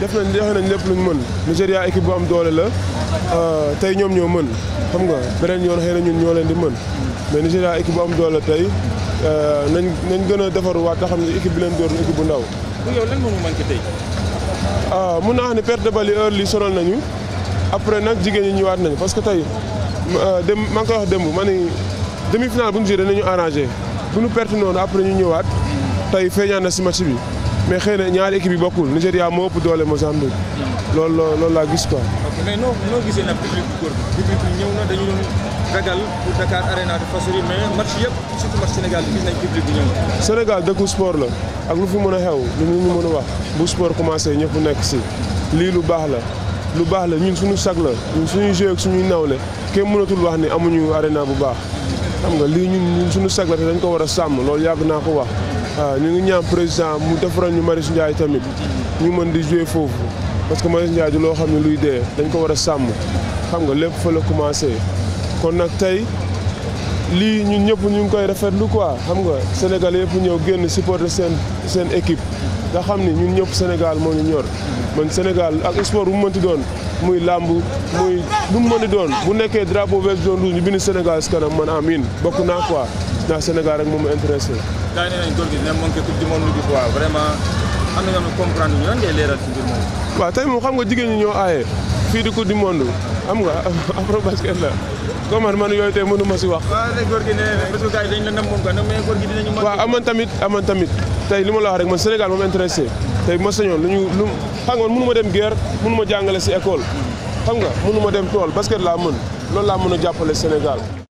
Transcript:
def nañ joxe nañ lépp luñ mën Nigéria équipe bu am doole la euh, tey ñoom ñoo mën xam nga beneen yoon xëy na ñun ñoo leen di mën mais Nigéria équipe bu am doole la tey euh, nañ nañ gën a defaruwaat te xam ne équipe bi leen door équipe bu ndaw. bu yow lan moo mu manqué tey. ah mun naa wax ne perte de balle heure li sonal nañu après nag jigéen ñi ñëwaat nañu parce que tey euh, dem maa ngi koy wax démb ma ni demi finale bu ñu joué danañu arrangé bu ñu perte noonu après ñu ñëwaat tey feeñaan na si match bi. mais xëy na ñaari équipe yi bokkul Nigéria moo ëpp doole Mozambique. loolu loolu laa gis ko ok mais noo noo gisee nag public bu góor bi. public bi ñëw na dañu doon ragal de façon dëkku sport la ak lu fi mën a xew lu ñu mën a wax bu sport commencé ñëpp nekk si lii lu baax la. lu baax la ñun suñu sag la ñun suñuy jeu ak suñuy nawle kenn mënatul wax ni amuñu arena bu baax xam nga lii ñun ñun suñu sag la te dañ ko war a sàmm loolu yàgg naa ko wax. waaw ñu ngi ñaam président mu defaral ñu Marius Ndiaye tamit ñu mën di jouer foofu parce que Marius Ndiaye du loo xam ne luy dee dañ ko war a sàmm xam nga lépp fa la commencé kon nag tey lii ñu ñëpp ñu ngi koy rafetlu quoi xam nga Sénégal yëpp ñëw génn supporter seen seen équipe nga xam ni ñun ñëpp Sénégal moo ñu ñor man Sénégal ak sport bu mu mënti doon muy làmb muy lu mu mënti doon bu nekkee drapeau vert jaune rouge ñu bind Sénégal si kanam man amiin bokk naa quoi ndax Sénégal rek moom intéressé waa yi nee nañ góor gi ne moom képp ku na tey moom xam nga jigéen ñi ñoo aaye fii di coupe du monde am nga afro basket la comment man yooyu tey mënuma si wax. waaw tey góor gi amoon tamit amoon tamit tey li ma la wax rek man Sénégal moom intéressé tey ma sañoon lu ñu lu xam nga mënu dem guerre mënu ma jàngale si école xam nga mënu ma dem tool basket laa mën loolu laa mën a jàppale Sénégal.